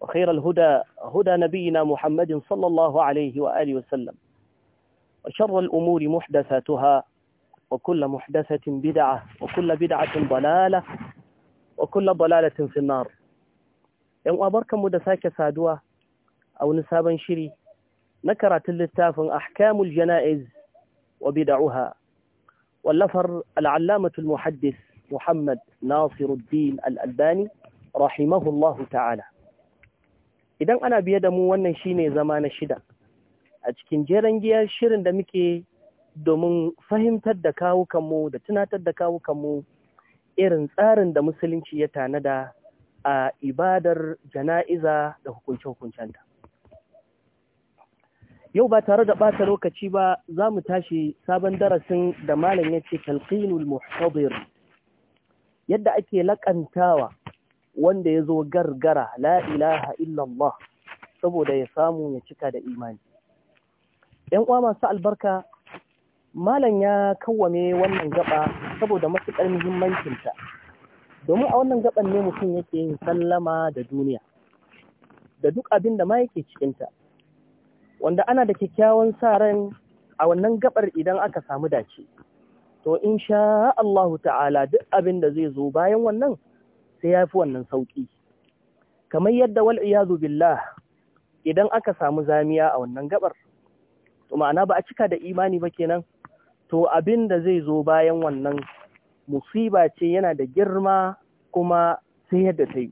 وخير الهدى هدى نبينا محمد صلى الله عليه وآله وسلم وشر الأمور محدثاتها وكل محدثة بدعة وكل بدعة ضلالة وكل ضلالة في النار يوم أبرك مدثاك سادوة أو نسابا شري نكرت اللتاف أحكام الجنائز وبدعها واللفر العلامة المحدث محمد ناصر الدين الألباني رحمه الله تعالى idan ana biye da mu wannan shine zama na shida a cikin jeren giyar shirin da muke domin fahimtar da kawukanmu da tunatar da kawukanmu irin tsarin da musulunci ya tanada a ibadar jana'iza da hukunce hukuncen ta Yau ba tare da ɓata lokaci ba za mu tashi sabon darasin da malam ya ce talqinul muhtadir yadda ake laƙantawa wanda ya zo gargara la ilaha illallah saboda ya samu ya cika da imani ‘yan uwa masu albarka malam ya kawame wannan gaba saboda matuƙar muhimmancinta domin a wannan gaban ne mutum yake yin sallama da duniya da duk abin da ma yake cikinta wanda ana da kyakkyawan sa ran a wannan gabar idan aka samu dace to sha Allah ta'ala duk abin da zai zo bayan wannan sai ya fi wannan sauƙi kamar yadda wal iyazu billah idan aka samu zamiya a wannan gabar to ma'ana ba a cika da imani ba kenan to abin da zai zo bayan wannan musiba ce yana da girma kuma sai yadda ta yi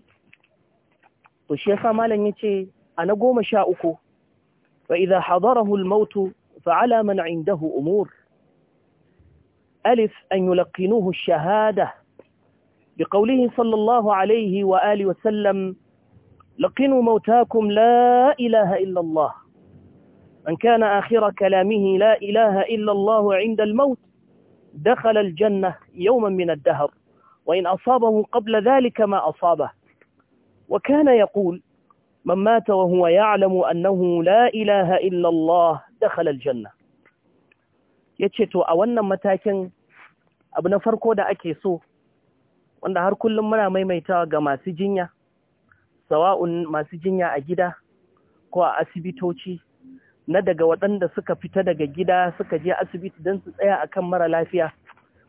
to shi ya malam a na goma sha uku fa idza hadarahu al mautu fa'ala man indahu umur alif an yulaqinuhu shahada بقوله صلى الله عليه وآله وسلم لقنوا موتاكم لا إله إلا الله من كان آخر كلامه لا إله إلا الله عند الموت دخل الجنة يوما من الدهر وإن أصابه قبل ذلك ما أصابه وكان يقول من مات وهو يعلم أنه لا إله إلا الله دخل الجنة يتشتو أولا متاكن أبنا فرقو دا wanda har kullum muna maimaitawa ga masu jinya sawa'un masu jinya a gida ko a asibitoci na daga waɗanda suka fita daga gida suka je asibiti don su tsaya akan mara lafiya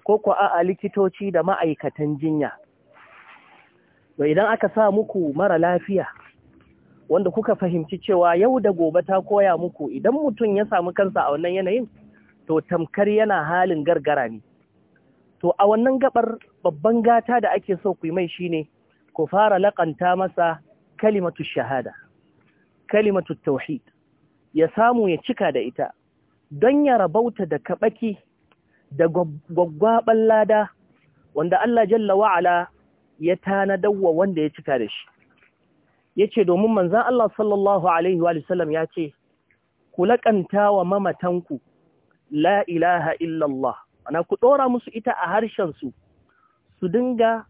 ko ko a likitoci da ma'aikatan jinya to idan aka sa muku mara lafiya wanda kuka fahimci cewa yau da gobe ta koya muku idan mutum ya samu kansa a wannan yanayin to tamkar yana halin gargara ne to a wannan gabar babban gata da ake so ku mai shine ku fara laƙanta masa kalimatu shahada kalimatu tauhid ya samu ya cika da ita don ya rabauta da kaɓaki da gwaggwaɓan lada wanda Allah jalla wa'ala ya tana dawwa wanda ya cika da shi ya ce domin manzan Allah sallallahu Alaihi wasallam ya ce ku laƙanta wa mamatanku la ilaha illallah ana ku ɗora musu ita a harshensu su dinga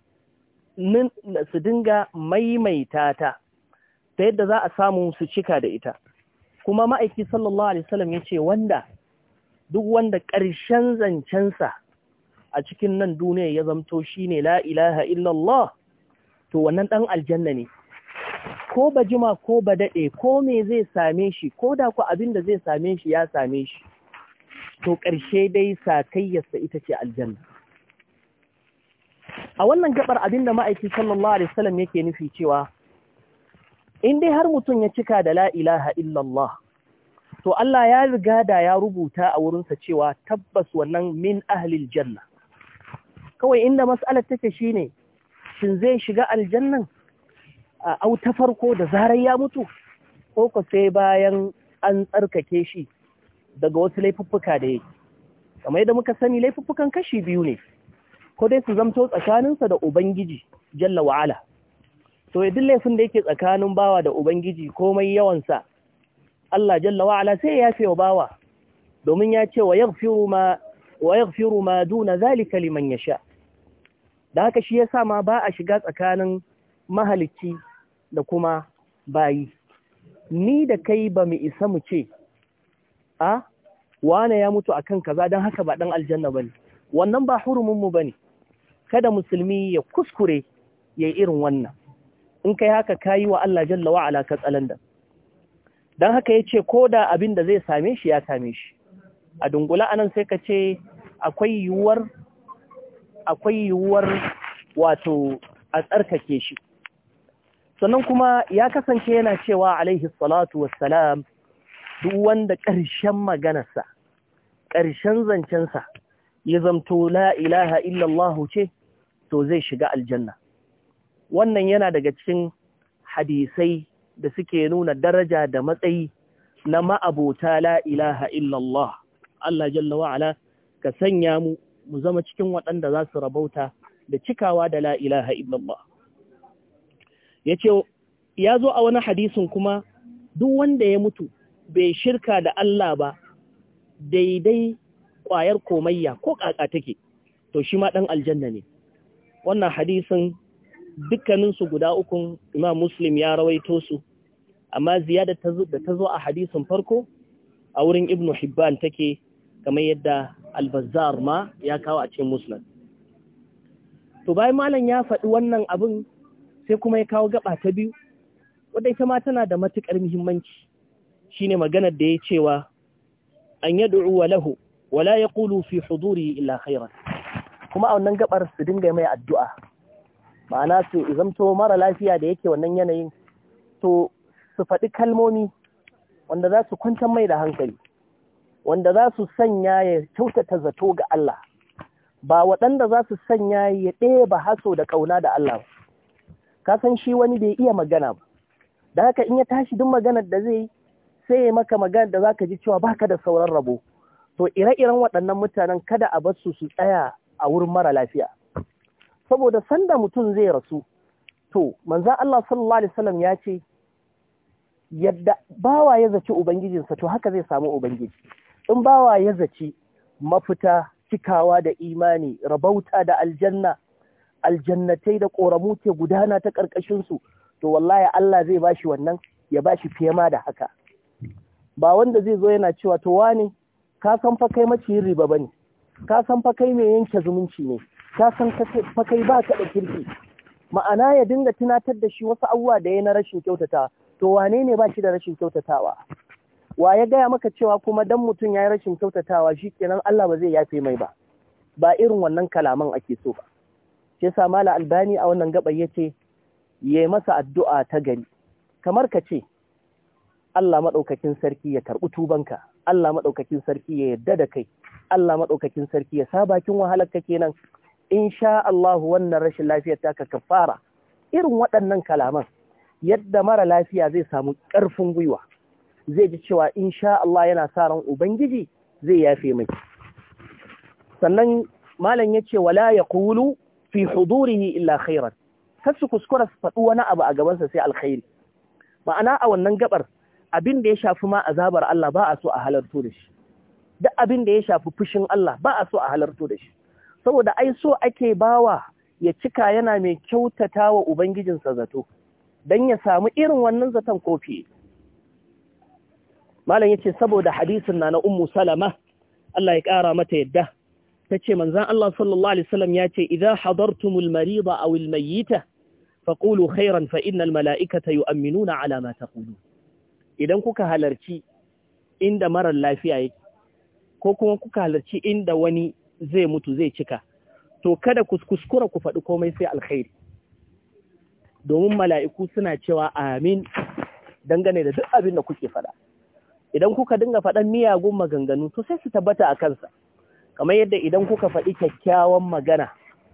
su dinga maimaita ta ta yadda za a samu su cika da ita kuma ma'aiki sallallahu alaihi wasallam ya ce wanda duk wanda ƙarshen zancensa a cikin nan duniya ya zamto shine la ilaha illallah to wannan dan aljanna ne ko ba jima ko ba daɗe ko me zai same shi ko da ku abin da zai same shi ya same shi to ƙarshe dai sa sakayyarsa ita ce aljanna a wannan gabar abinda ma'aiki sallallahu alaihi wasallam yake nufi cewa in dai har mutum ya cika da la ilaha illallah to Allah ya riga da ya rubuta a wurinsa cewa tabbas wannan min ahlil janna kawai inda mas'alar take shine shin zai shiga aljannan a au ta farko da zarar ya mutu ko ko sai bayan an tsarkake shi daga wasu laifuffuka da yake kamar yadda muka sani laifuffukan kashi biyu ne ko dai su zamto tsakaninsa da ubangiji jalla wa'ala to ya duk laifin da yake tsakanin bawa da ubangiji komai yawansa Allah jalla wa'ala sai ya yafe wa bawa domin ya ce wa yaghfiru ma wa duna zalika liman yasha da haka shi yasa ma ba a shiga tsakanin mahalicci da kuma bayi ni da kai ba mu isa mu ce a wane ya mutu akan kaza don haka ba dan aljanna bane wannan ba hurumin mu bane kada musulmi ya kuskure yayi irin wannan in kai haka kayi wa Allah jalla wa ala tsalanda dan haka yace koda abin da zai same shi ya same shi a dungula anan sai ka ce akwai yiwuwar akwai yiwuwar wato a tsarkake shi sannan kuma ya kasance yana cewa alaihi salatu wassalam duk wanda ƙarshen maganarsa ƙarshen zancensa ya zamto la ilaha illallahu ce to zai shiga aljanna wannan yana daga cikin hadisai da suke nuna daraja da matsayi na ma'abota la'ilaha ilaha illallah Allah jalla wa'ala ka sanya mu mu zama cikin waɗanda za su rabauta da cikawa da la ilaha illallah ya ce ya zo a wani hadisin kuma duk wanda ya mutu bai shirka da Allah ba daidai ƙwayar komayya ko ƙaƙa take to shi ma ɗan aljanna ne wannan hadisin dukkaninsu guda ukun imam muslim ya rawaito su amma ziyada da ta zo a hadisin farko a wurin ibnu hibban take kamar yadda albazar ma ya kawo a cikin Muslim. to bayan malam ya faɗi wannan abin sai kuma ya kawo gaba ta biyu wadda ita ma tana da matuƙar muhimmanci shine maganar da ya cewa an yad'u lahu wala kulu fi huduri illa khairan kuma a wannan gabar su dinga mai addu'a ma'ana su zamto mara lafiya da yake wannan yanayin to su faɗi kalmomi wanda za su kwantar mai da hankali wanda za su sanya ya kyautata zato ga Allah ba waɗanda za su sanya ya ɗeba haso da ƙauna da Allah ka san shi wani bai iya magana ba da haka in ya tashi duk maganar da zai yi. sai ya maka magana da zaka ji cewa baka da sauran rabo to ire-iren waɗannan mutanen kada a bar su su tsaya a wurin mara lafiya saboda sanda mutum zai rasu to manza Allah sallallahu alaihi wasallam ya ce yadda bawa ya zaci ubangijinsa to haka zai samu ubangiji in bawa ya zaci mafita cikawa da imani rabauta da aljanna aljannatai da ƙoramu ke gudana ta ƙarƙashinsu to wallahi Allah zai bashi wannan ya bashi fiye ma da haka ba wanda zai zo yana cewa to wane ka san fa kai maciyin riba bane ka san fa kai mai yanke zumunci ne ka san fa kai ba ka da kirki ma'ana ya dinga tunatar da shi wasu abubuwa da ya na rashin kyautata to wane ne ba shi da rashin kyautatawa wa ya gaya maka cewa kuma dan mutum ya yi rashin kyautatawa shi kenan Allah ba zai yafe mai ba ba irin wannan kalaman ake so ba shi yasa mala albani a wannan gabar yace yayi masa addu'a ta gari kamar ka ce Allah maɗaukakin sarki ya karɓi tubanka, Allah maɗaukakin sarki ya yarda da kai, Allah maɗaukakin sarki ya sa bakin wahalar ka kenan. In sha Allah wannan rashin lafiyar taka ka fara irin waɗannan kalaman yadda mara lafiya zai samu ƙarfin gwiwa. Zai ji cewa in sha Allah yana sa ran Ubangiji zai yafe mai. Sannan malam ya ce wala ya kulu fi hudurihi illa khairan. Kar su kuskura su faɗi wani abu a gabansa sai alkhairi. Ma'ana a wannan gabar abin da ya shafi ma azabar Allah ba a so a halarto da shi abin da ya shafi fushin Allah ba a so a halarto da shi saboda ai so ake bawa ya cika yana mai kyautata wa ubangijinsa zato dan ya samu irin wannan zaton kofi malam yace saboda hadisin na na ummu salama Allah ya kara mata yadda tace manzon Allah sallallahu alaihi wasallam yace idza hadartumul marida khairan fa innal malaikata na ala ta taqulun idan kuka halarci inda marar lafiya yake ko kuma kuka halarci inda wani zai mutu zai cika to kada ku kuskura ku faɗi komai sai alkhairi domin mala'iku suna cewa amin dangane da duk abin da kuke faɗa idan kuka dinga faɗan miyagun maganganu to sai su tabbata a kansa kamar yadda idan kuka faɗi kyakkyawan magana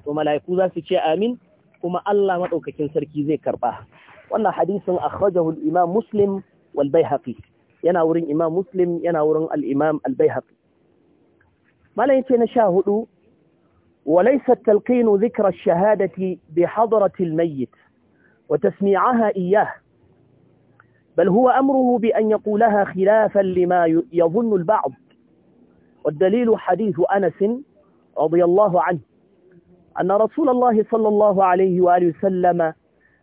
to mala'iku za su ce amin kuma Allah maɗaukakin sarki zai karɓa wannan hadisin akhrajahu al-imam muslim والبيهقي ينا ورين إمام مسلم ينا ورين الإمام البيهقي ما لا baihaqi malam وليس التلقين ذكر الشهادة بحضرة الميت وتسميعها إياه بل هو أمره بأن يقولها خلافا لما يظن البعض والدليل حديث أنس رضي الله عنه أن رسول الله صلى الله عليه وآله وسلم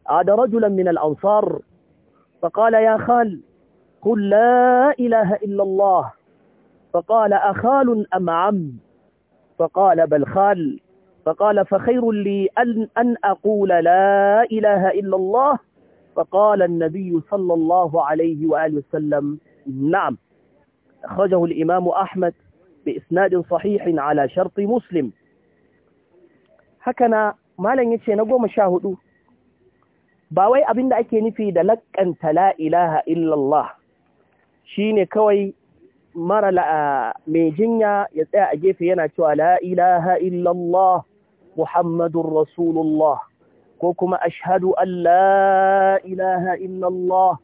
عاد رجلا من الأنصار فقال يا خال قل لا إله إلا الله فقال أخال أم عم فقال بل خال فقال فخير لي أن, أن أقول لا إله إلا الله فقال النبي صلى الله عليه وآله وسلم نعم أخرجه الإمام أحمد بإسناد صحيح على شرط مسلم حكنا ما لن يتشي نقوم شاهدوه ba wai abin da ake nufi da laƙanta la ilaha illallah shine kawai mara mai jinya ya tsaya a gefe yana cewa la ilaha illallah muhammadun rasulullah ko kuma ashadu an la ilaha illallah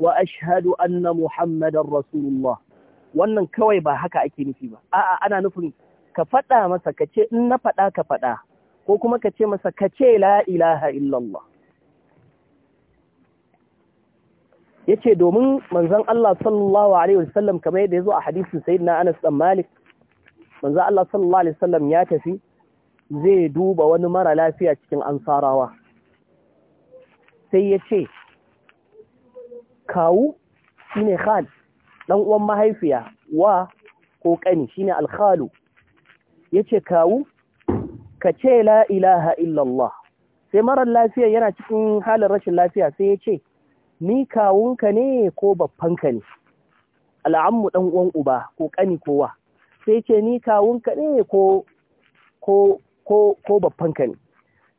wa ashhadu anna muhammadan rasulullah wannan kawai ba haka ake nufi ba a'a ana nufin ka faɗa masa ka ce in na faɗa ka faɗa ko kuma ka ce masa ka ce la ilaha illallah yace domin manzon Allah sallallahu alaihi wasallam kamar yadda yazo a hadisin sayyidina Anas dan Malik manzon Allah sallallahu alaihi wasallam ya tafi zai duba wani mara lafiya cikin ansarawa sai yace kawu shine khal dan uwan mahaifiya wa ko kani shine alkhalu yace kawu ka ce la ilaha illallah sai marar lafiya yana cikin halin rashin lafiya sai yace ni kawunka ne ko babbanka ne al'ammu dan uwan uba ko kani kowa sai ce ni kawunka ne ko ko ko ko babbanka ne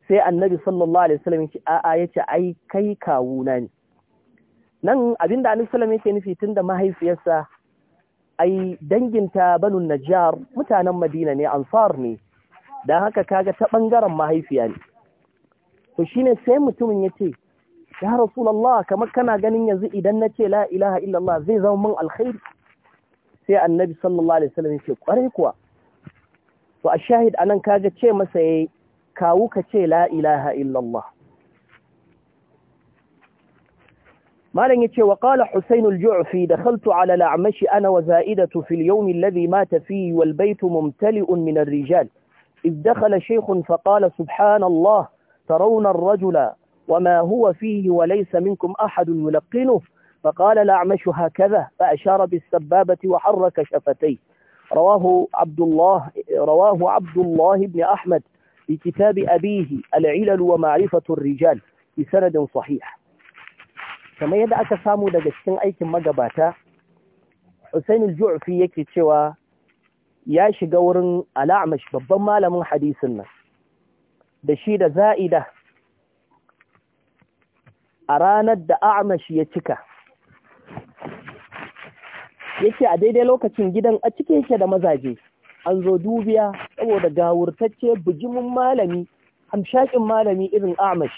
sai annabi sallallahu alaihi wasallam ce a'a yace ai kai kawuna ne nan abinda annabi sallallahu alaihi wasallam yake nufi tunda mahaifiyarsa ai danginta banu najjar mutanen madina ne ansar ne dan haka kaga ta bangaren mahaifiya ne to shine sai mutumin yace ya rasulullah kamar kana ganin yanzu idan nace la ilaha illallah zai zama min alkhair sai annabi sallallahu alaihi wasallam yake kware kuwa to a shahid anan kaga ce masa yayi kawu ka ce la ilaha illallah malan yace wa qala husayn al-ju'fi dakhaltu ala al-a'mash ana wa za'idatu fi al-yawm alladhi mata fihi wal bayt mumtali'un min ar-rijal إذ shaykhun fa qala subhanallah الله ترون الرجل وما هو فيه وليس منكم أحد يلقنه فقال الأعمش هكذا فأشار بالسبابة وحرك شفتيه رواه عبد الله رواه عبد الله بن أحمد في كتاب أبيه العلل ومعرفة الرجال بسند صحيح كما يدعى كسامو samu daga cikin aikin حسين الجوع في يكي تشوى cewa قورن الأعمش ببما لمن حديثنا دشيد زائدة a ranar da Amash ya cika yace a daidai lokacin gidan a cike shi da mazaje an zo dubiya saboda gawurtacce bujimin malami hamshakin malami irin amash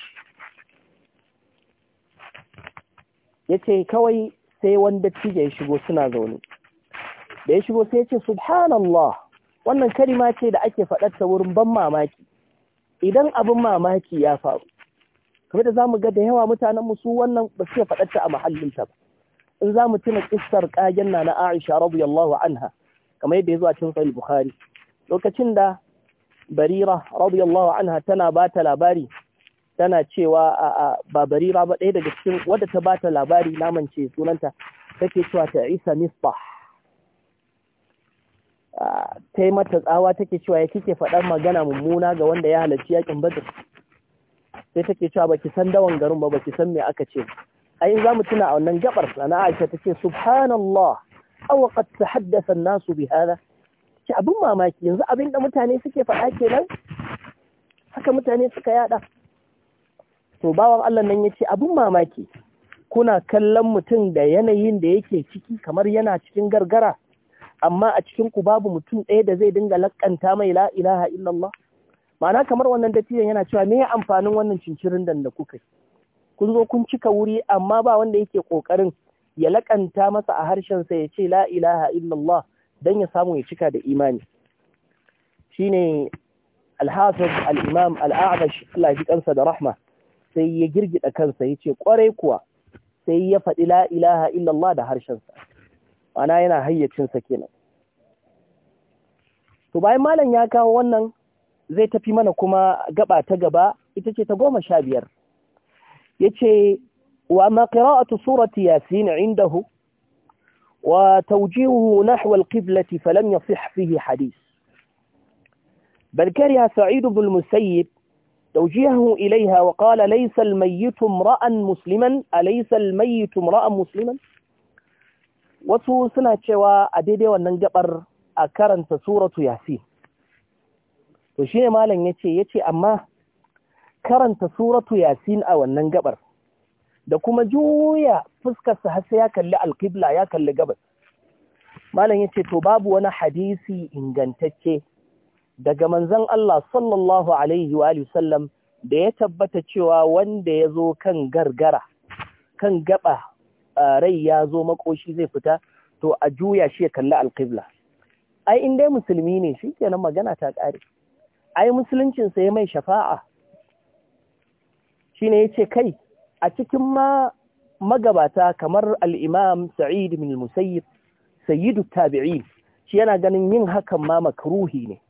yace kawai sai wanda tije ya shigo suna zaune da ya shigo sai ya ce subhanallah wannan kalima ce da ake faɗarta wurin ban mamaki idan abin mamaki ya faru kamar da zamu ga da yawa mutanen mu su wannan ba su faɗa ta a mahallin ta in zamu tuna kissar kagen na Aisha radiyallahu anha kamar yadda ya zo a cikin Sahih Bukhari lokacin da Barira radiyallahu anha tana ba ta labari tana cewa ba Barira ba ɗaya daga cikin wadda ta ba ta labari namance sunanta take cewa ta Isa Misbah ah, ta yi mata tsawa take cewa ya kike faɗar magana mummuna ga wanda ya halarci yakin badr sai take cewa baki san dawan garin ba baki san me aka ce ai za mu tuna a wannan gabar sana Aisha tace subhanallah aw qad tahaddatha an-nas bi hada ki abin mamaki yanzu abin da mutane suke faɗa kenan haka mutane suka yada to bawan Allah nan yace abin mamaki kuna kallon mutum da yanayin da yake ciki kamar yana cikin gargara amma a cikin ku babu mutum ɗaya da zai dinga lakanta mai la'ilaha illallah ma'ana kamar wannan dattijan yana cewa me amfanin wannan cincirin da da kuka kun zo kun cika wuri amma ba wanda yake kokarin ya laƙanta masa a harshen sa ya ce la ilaha illallah dan ya samu ya cika da imani shine al-hafiz al-imam al-a'bash Allah ya kansa da rahma sai ya girgida kansa ya ce kwarai kuwa sai ya faɗi la ilaha illallah da harshen sa ma'ana yana hayyacin sa kenan to bayan malam ya kawo wannan zai tafi mana kuma gaba ta gaba ita ce ta goma sha biyar ya ce wa ma qira'atu surati yasin indahu wa tawjihuhu nahwa al falam yasih fihi hadith بل كره سعيد بن المسيب توجيهه إليها وقال ليس الميت امرأ مسلما أليس الميت امرأ مسلما wasu suna cewa a daidai wannan gabar a karanta suratu yasin to shi ne malam ya ce ya ce amma karanta suratu yasin a wannan gabar da kuma juya fuskarsa har sai ya kalli alkibla ya kalli gabar. malam ya ce to babu wani hadisi ingantacce daga manzon Allah sallallahu alaihi wa sallam da ya tabbata cewa wanda ya zo kan gargara kan gaba rai ya zo makoshi zai fita to a juya shi ya kalli alkibla ai in dai musulmi ne shi kenan magana ta ƙare ai musuluncinsa ya mai shafa'a Shi ne ya ce kai a cikin ma magabata kamar al-Imam Sa'id ibn al-Musayyib sayyidu tabi'in shi yana ganin yin hakan ma makruhi ne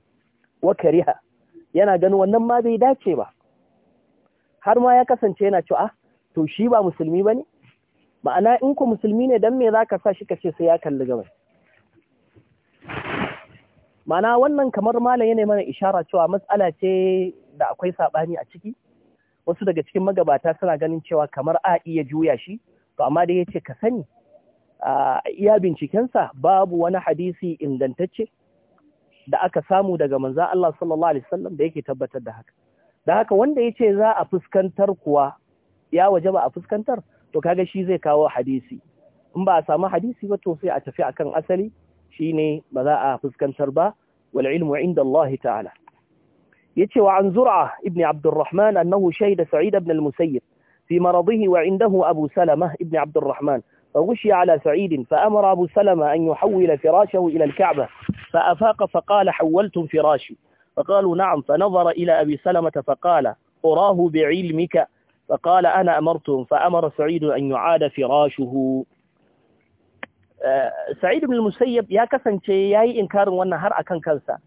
wa kariha yana ganin wannan ma bai dace ba har ma ya kasance yana cewa ah, to shi ba musulmi bane ma'ana in ku musulmi ne dan me zaka sa shi kace sai ya kalli gabas Ma'ana wannan kamar malam yana mana ishara cewa matsala ce da akwai saɓani a ciki. Wasu daga cikin magabata suna ganin cewa kamar a iya juya shi, to amma dai ya ce ka sani. Iya bincikensa babu wani hadisi ingantacce da aka samu daga manza Allah sallallahu Alaihi wasallam da yake tabbatar da haka. Da haka wanda ya ce za a fuskantar kuwa ya waje ba a fuskantar, to kaga shi zai kawo hadisi. In ba a samu hadisi ba to sai a tafi akan asali. شيني بذاء فسكن شربا والعلم عند الله تعالى يتشي وعن زرعة ابن عبد الرحمن أنه شهد سعيد بن المسيب في مرضه وعنده أبو سلمة ابن عبد الرحمن فغشي على سعيد فأمر أبو سلمة أن يحول فراشه إلى الكعبة فأفاق فقال حولتم فراشي فقالوا نعم فنظر إلى أبي سلمة فقال أراه بعلمك فقال أنا أمرتهم فأمر سعيد أن يعاد فراشه Sa'id ibn Musayyab ya kasance yayi inkarin wannan har akan kansa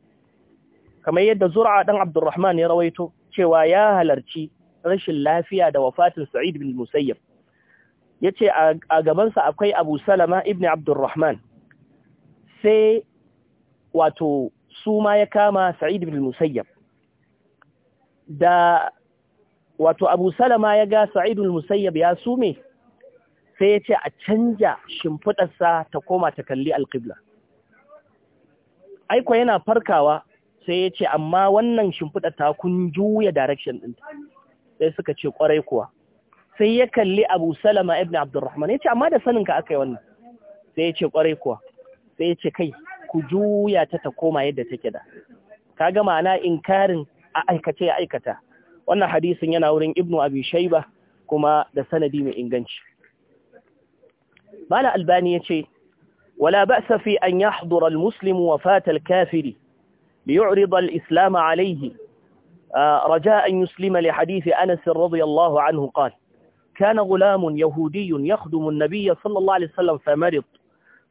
kamar yadda Zur'a dan Abdurrahman ya rawaito cewa ya halarci rashin lafiya da wafatin Sa'id ibn Musayyab yace a gabansa akwai Abu Salama ibn Abdurrahman sai wato su ma ya kama Sa'id ibn Musayyab da wato Abu Salama ya ga Sa'id ibn Musayyab ya sume sai ya ce a canja shimfiɗarsa ta koma ta kalli alƙibla. Aiko yana farkawa sai ya ce, amma wannan shimfiɗar ta kun juya direction ɗin. sai suka ce ƙwarai kuwa. Sai ya kalli Abu Salama ibn Abdurrahman, ya ce, amma da saninka aka yi wannan, sai ya ce ƙwarai kuwa, sai ya ce, kai, ku juya ta ta koma yadda take da. Ka ga ma'ana inkarin a aikace ya aikata. Wannan hadisin yana wurin Ibnu Abi Shaiba kuma da sanadi mai inganci. mala albani ya ولا بأس في أن يحضر المسلم وفاة الكافر ليعرض الإسلام عليه آه، رجاء أن يسلم لحديث أنس رضي الله عنه قال كان غلام يهودي يخدم النبي صلى الله عليه وسلم فمرض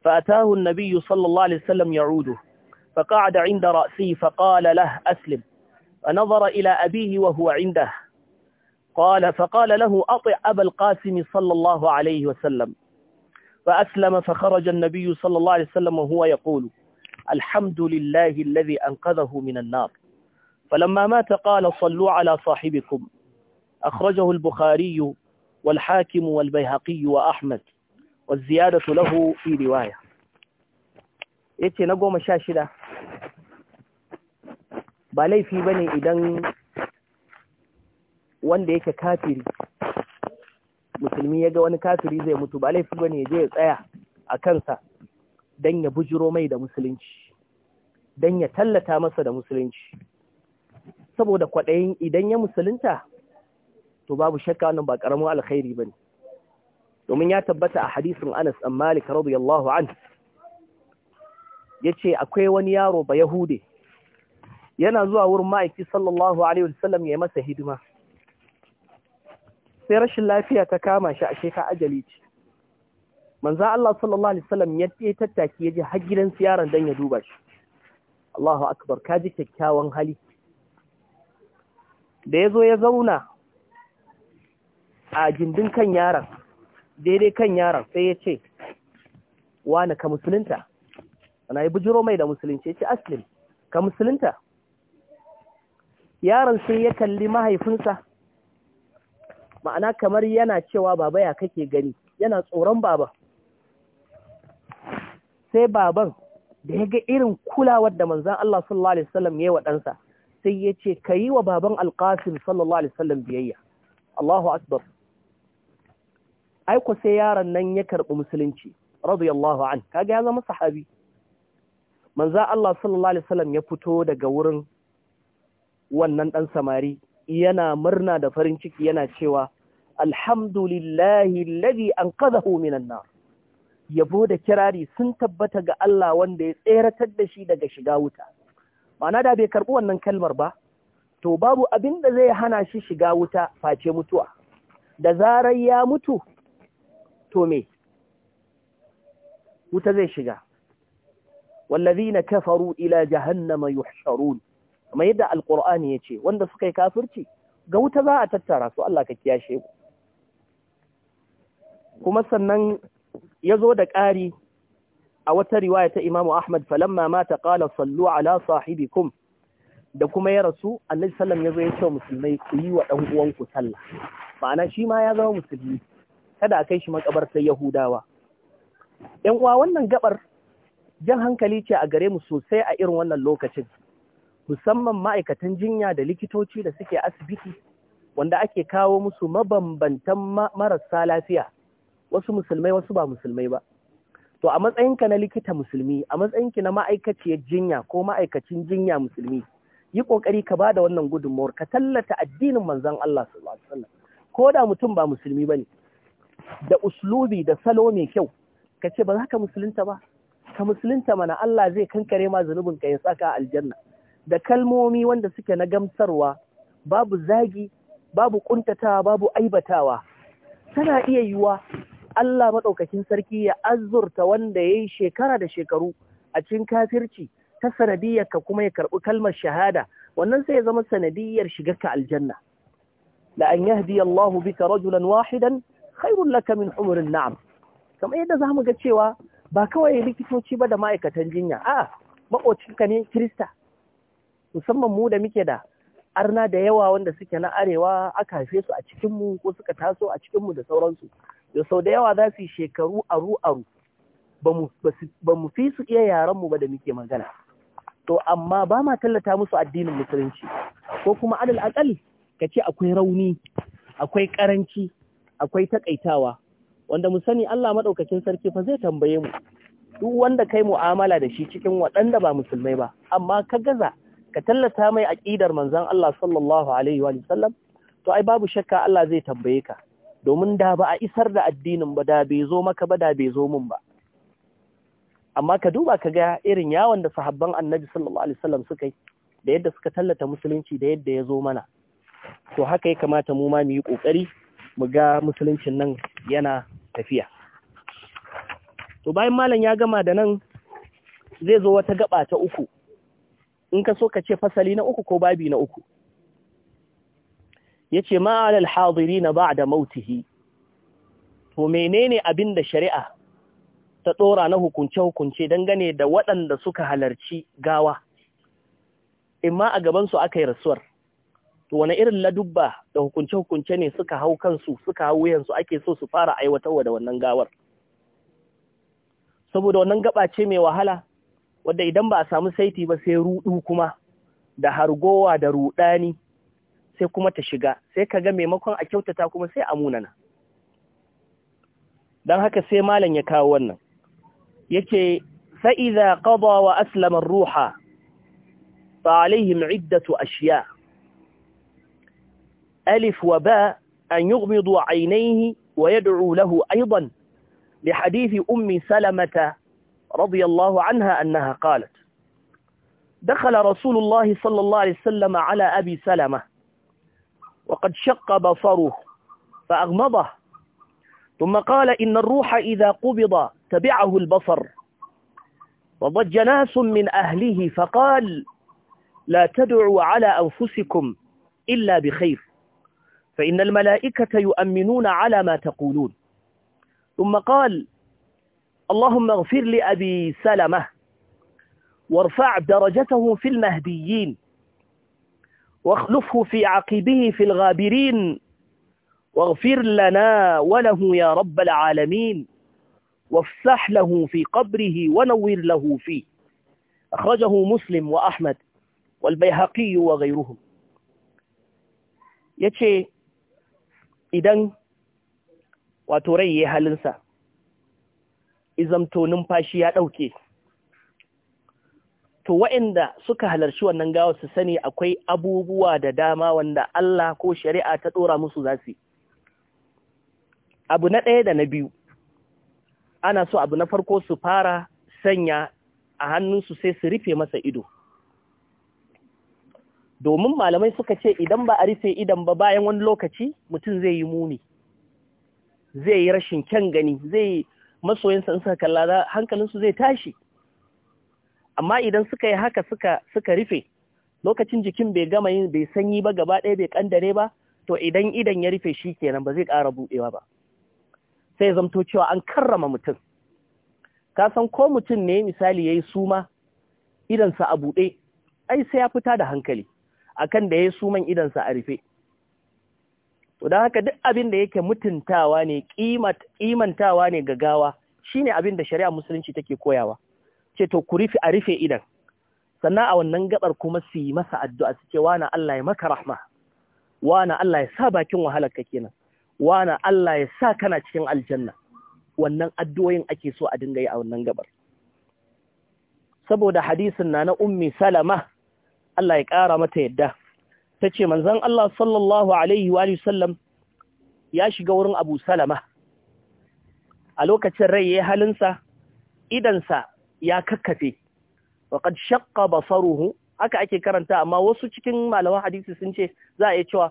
فأتاه النبي صلى الله عليه وسلم يعوده فقعد عند رأسه فقال له أسلم فنظر إلى أبيه وهو عنده قال فقال له أطع أبا القاسم صلى الله عليه وسلم فأسلم فخرج النبي صلى الله عليه وسلم وهو يقول الحمد لله الذي أنقذه من النار فلما مات قال صلوا على صاحبكم أخرجه البخاري والحاكم والبيهقي وأحمد والزيادة له في رواية yace na goma في بني إدن وان ديك ne musulmi ya ga wani kafiri zai mutu ba laifi bane ya je ya tsaya a kansa don ya bujiro mai da musulunci don ya tallata masa da musulunci saboda kwaɗayin idan ya musulunta to babu shakka wannan ba ƙaramin alkhairi ba ne. domin ya tabbata a hadisin Anas an Malik radiyallahu ya ce akwai wani yaro ba Yahude yana zuwa wurin ma'aiki sallallahu alaihi wasallam ya yi masa hidima sai rashin lafiya ta kama shi a sheka ajali ce manzo Allah sallallahu alaihi wasallam ya tsaye tattaki ya je har gidan yaron dan ya duba shi Allahu akbar kaji kyakkyawan hali da yazo ya zauna a gindin kan yaron daidai kan yaron sai ya ce wani ka musulunta ana yi bujiro mai da musulunci ya ce aslim ka musulunta yaron sai ya kalli mahaifinsa ma'ana kamar yana cewa baba ya kake gani yana tsoron baba sai baban da ya ga irin kulawar da manzan Allah sallallahu alaihi wasallam ya yi wa ɗansa sai ya ce ka yi wa baban alƙasim sallallahu alaihi wasallam biyayya Allahu akbar aiko sai yaron nan ya karɓi musulunci radiyallahu an kaga ya zama sahabi manzan Allah sallallahu alaihi wasallam ya fito daga wurin wannan ɗan samari yana murna da farin ciki yana cewa alhamdulillahi an anqadhahu minan nar yabo da kirari sun tabbata ga Allah wanda ya tseratar da shi daga shiga wuta mana da bai karbi wannan kalmar ba to babu abin da zai hana shi shiga wuta face mutuwa da zarar ya mutu to me wuta zai shiga wallazina kafaru ila jahannama yuhsharun kamar yadda Alkur'ani ya ce, wanda suka yi kafirci ga wuta za a tattara su Allah ka kiyashe ku kuma sannan ya zo da ƙari a wata riwaya ta Imam Ahmad falamma mata qala sallu ala sahibikum da kuma ya rasu Annabi sallam zo ya ce musulmai ku yi wa ɗan'uwanku uwanku sallah ma'ana shi ma ya zama musulmi kada a kai shi makabartar Yahudawa ‘yan uwa wannan gabar jan hankali ce a gare mu sosai a irin wannan lokacin musamman ma'aikatan jinya da likitoci da suke asibiti wanda ake kawo musu mabambantan marasa lafiya wasu musulmai wasu ba musulmai ba to a matsayinka na likita musulmi a matsayinki na ma'aikaciyar jinya ko ma'aikacin jinya musulmi yi kokari ka bada wannan gudunmawar ka tallata addinin manzon Allah sallallahu alaihi wasallam ko da mutum ba musulmi bane da uslubi da salo mai kyau ka ce ba za ka musulunta ba ka musulunta mana Allah zai kankare ma zunubin ka ya saka aljanna da kalmomi wanda suke na gamsarwa babu zagi babu kuntatawa babu aibatawa tana iya yiwa Allah maɗaukakin sarki ya azurta wanda ya yi shekara da shekaru a cikin kafirci ta sanadiyar ka kuma ya karɓi kalmar shahada wannan sai ya zama sanadiyar shiga ka aljanna la an yahdi Allahu bika rajulan wahidan khairun laka min umrin na'am kamar yadda zamu ga cewa ba kawai likitoci ba da ma'aikatan jinya a'a maƙocinka ne kirista musamman mu da muke da arna da yawa wanda suke na arewa aka haife su a cikinmu ko suka taso a cikin mu da sauransu da sau da yawa za su yi shekaru aru aru ba mu fi su iya yarenmu ba da muke magana to amma ba ma tallata musu addinin musulunci ko kuma alal akali ka ce akwai rauni akwai karanci akwai takaitawa wanda mu sani Allah madaukakin sarki fa zai tambaye mu duk wanda kai mu'amala da shi cikin waɗanda ba musulmai ba amma ka gaza ka tallata mai aƙidar manzan Allah sallallahu Alaihi sallam, to ai babu shakka Allah zai tambaye ka, domin da ba a isar da addinin ba da bai zo maka ba da bai zo mun ba. Amma ka duba ka ga irin yawon da sahabban annabi sallallahu Alaihi sallam suka yi, da yadda suka tallata musulunci da yadda ya zo mana. To haka ya kamata mu ma mu yi ƙoƙari mu ga musuluncin nan yana tafiya. To bayan malam ya gama da nan zai zo wata gaba ta uku. in ka so ka ce fasali na uku ko babi na uku Ya yace ma alal ba da mautihi to menene abin da shari'a ta tsora na hukunce hukunce dangane da waɗanda suka halarci gawa imma a gabansu aka yi rasuwar to wani irin ladubba da hukunce hukunce ne suka hau kansu suka hau wuyansu ake so su fara aiwatarwa da wannan gawar saboda wannan gaba ce mai wahala wadda idan ba a samu saiti ba sai rudu kuma da hargowa da rudani sai kuma ta shiga sai kaga maimakon a kyautata kuma sai a munana dan haka sai malam ya kawo wannan yake fa fa'iza qada wa aslama ruha fa alaihim iddatu ashiya alif wa ba an yughmidu aynayhi wa yad'u lahu aidan li hadithi ummi salamata رضي الله عنها أنها قالت دخل رسول الله صلى الله عليه وسلم على أبي سلمة وقد شق بصره فأغمضه ثم قال إن الروح إذا قبض تبعه البصر وضج ناس من أهله فقال لا تدعوا على أنفسكم إلا بخير فإن الملائكة يؤمنون على ما تقولون ثم قال اللهم اغفر لأبي سلمة وارفع درجته في المهديين واخلفه في عقبه في الغابرين واغفر لنا وله يا رب العالمين وافسح له في قبره ونور له فيه أخرجه مسلم وأحمد والبيهقي وغيرهم يتشي إذن وتري الإنسان izamto numfashi ya ɗauke. To waɗanda suka halarci wannan gawar su sani akwai abubuwa da dama wanda Allah ko shari'a ta ɗora musu za su Abu na ɗaya da na biyu, ana so abu na farko su fara sanya a hannunsu sai su rufe masa ido. Domin malamai suka ce idan ba a rufe idan ba bayan wani lokaci mutum zai yi muni, zai yi rashin kyan gani, zai masoyinsa in suka kalla za hankalinsu zai tashi amma idan suka yi haka suka suka rufe lokacin jikin bai gama yin bai sanyi ba gaba ɗaya bai kandare ba to idan idan ya rufe shi kenan ba zai ƙara buɗewa ba sai zamto cewa an karrama mutum ka san ko mutum ne misali yayi yi suma idansa a buɗe ai sai ya fita da hankali akan da yayi yi suman idansa a rufe to don haka duk abin da yake mutuntawa ne kimantawa ne ga gawa ne abin da shari'a musulunci take koyawa ce to ku rufe a rufe idan sannan a wannan gabar kuma su yi masa addu'a su ce wana Allah ya maka rahma wana Allah ya sa bakin wahalar ka kenan wana Allah ya sa kana cikin aljanna wannan addu'o'in ake so a dinga yi a wannan gabar saboda hadisin na na ummi salama Allah ya ƙara mata yadda ta ce manzan Allah sallallahu Alaihi wa sallam ya shiga wurin Abu Salama a lokacin rai ya yi halinsa idansa ya kakkafe waƙad shakka basaruhu haka ake karanta amma wasu cikin malaman hadisi sun ce za a yi cewa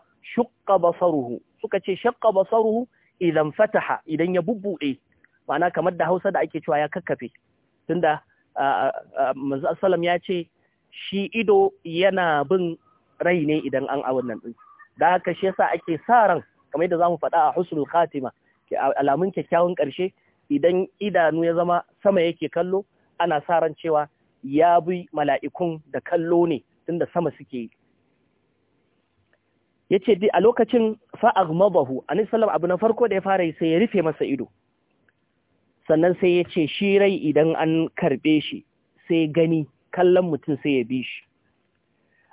ba basaruhu suka ce shakka basaruhu idan fataha idan ya bubbuɗe mana kamar da hausa da ake cewa ya kakkafe tunda Masu Asalam ya ce shi ido yana bin rai ne idan an a wannan din da haka shi yasa ake sa ran kamar yadda zamu faɗa a husnul khatima Ke alamun kyakkyawan ƙarshe idan idanu ya zama sama yake kallo ana sa ran cewa ya bi mala'ikun da kallo ne tunda sama suke yi yace a lokacin fa'agmadahu annabi sallallahu abu na farko da ya fara yi sai ya rufe masa ido sannan sai ya ce shi rai idan an karɓe shi sai gani kallon mutum sai ya bi shi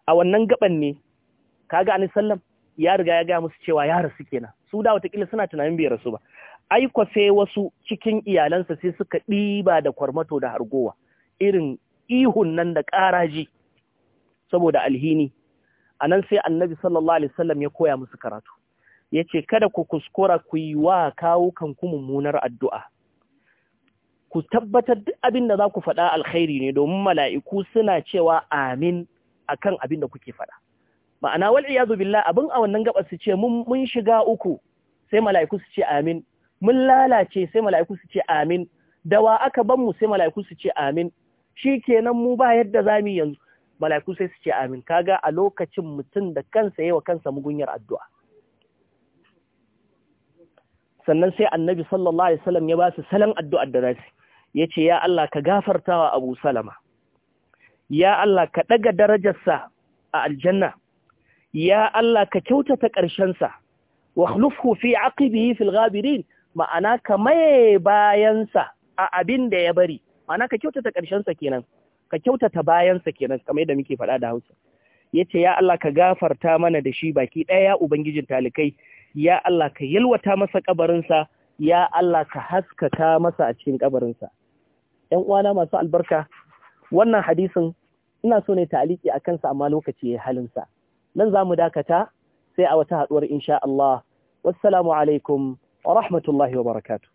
a wannan gaban ne kaga ani sallam ya riga ya ga musu cewa ya rasu kenan su da watakila suna tunanin bai rasu ba ai kwafe wasu cikin iyalansa sai suka ɗiba da kwarmato da hargowa irin ihun nan da ƙaraji saboda alhini a nan sai annabi sallallahu alaihi wasallam ya koya musu karatu Yace kada ku kuskura ku yi wa kawo kanku mummunar addu'a ku tabbatar duk abin da za ku faɗa alkhairi ne domin mala'iku suna cewa amin akan abin da kuke faɗa ma'ana wal iyadu billah abin a wannan gabas su ce mun shiga uku sai mala'iku su ce amin mun lalace sai mala'iku su ce amin Da wa aka ban mu sai mala'iku su ce amin shikenan mu ba yadda zamu yanzu mala'iku sai su ce amin kaga a lokacin mutum da kansa yayi wa kansa mugunyar addu'a sannan sai annabi sallallahu alaihi wasallam ya ba su salon addu'ar da zasu yace ya Allah ka gafartawa Abu Salama ya Allah ka ɗaga darajarsa a aljanna, ya Allah ka kyautata ƙarshensa, wa khlufhu fi aqibihi fil ghabirin ma'ana ka maye bayansa a abin da ya bari, ma'ana ka kyautata ƙarshensa kenan, ka kyautata bayansa kenan, kamar yadda muke faɗa da Hausa. Ya ce, Ya Allah ka gafarta mana da shi baki ɗaya Ubangijin talikai, ya Allah ka yalwata masa ƙabarinsa, ya Allah ka haskaka masa a cikin ƙabarinsa. ‘Yan uwana masu albarka, wannan hadisin ina so ne ta'aliki a kansa amma lokaci ya halinsa nan za mu dakata sai a wata haɗuwar insha Allah wassalamu alaikum wa rahmatullahi wa barakatuh